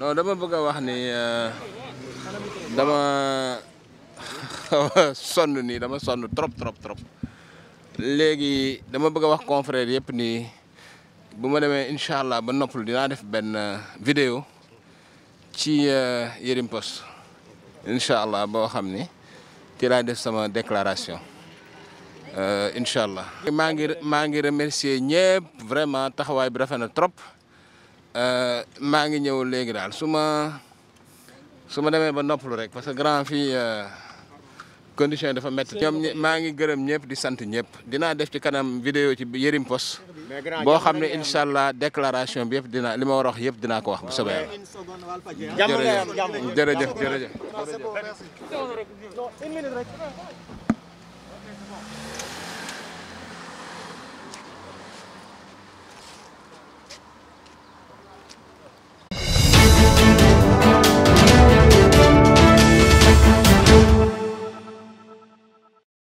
non dama bëgg wax ni eh, dama sonn ni dama sonn trop trop trop légui dama bëgg wax confrère yépp ni buma démé inshallah allah ba noppalu dina def ben eh, vidéo ci eh, Yérim poste inshallah allah xamni ni ci la def sama déclaration euh allah. ma ngi ma ngi remercier ñëpp vraiment taxaway bi rafa na trop. Euh, maa ngi ñëw léegi daal su ma su ma demee ba noppalu rek parce que grand fii euh, condition yi dafa métti. ñoom maa ngi gërëm ñëpp di sant ñëpp dinaa def ci kanam vidéo ci Yërim Post boo xam ne incha allah déclaration bi yëpp dinaa li ma war a wax yëpp dinaa ko wax bu soobee yàlla jërëjëf jërëjëf